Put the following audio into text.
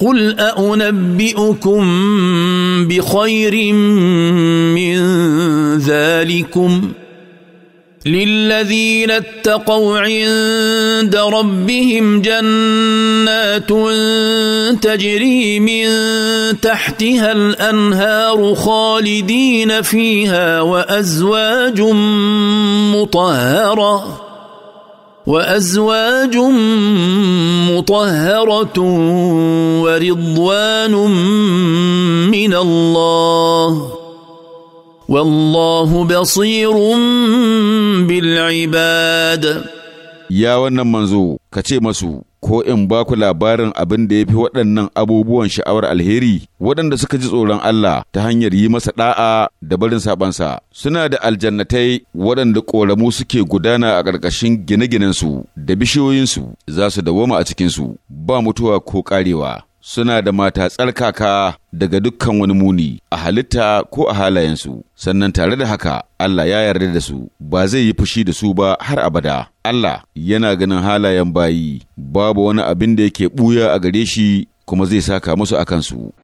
قل أنبئكم بخير من ذلكم للذين اتقوا عند ربهم جنات تجري من تحتها الانهار خالدين فيها وازواج مطهره وازواج مطهره ورضوان من الله والله بصير بالعباد Ya wannan manzo, ka ce masu, ko in ba ku labarin abin da ya fi waɗannan abubuwan sha'awar alheri waɗanda suka ji tsoron Allah ta hanyar yi masa ɗa'a da barin sabansa suna da aljannatai waɗanda ƙoramu suke gudana a ƙarƙashin gine-ginensu da bishiyoyinsu za su dawoma a cikinsu ba mutuwa ko ƙarewa. suna da mata tsarkaka daga dukkan wani muni a halitta ko a halayensu, sannan tare da haka Allah ya yarda da su, ba zai yi fushi da su ba har abada. Allah yana ganin halayen bayi, babu wani abin da yake ɓuya a gare shi kuma zai saka musu a kansu.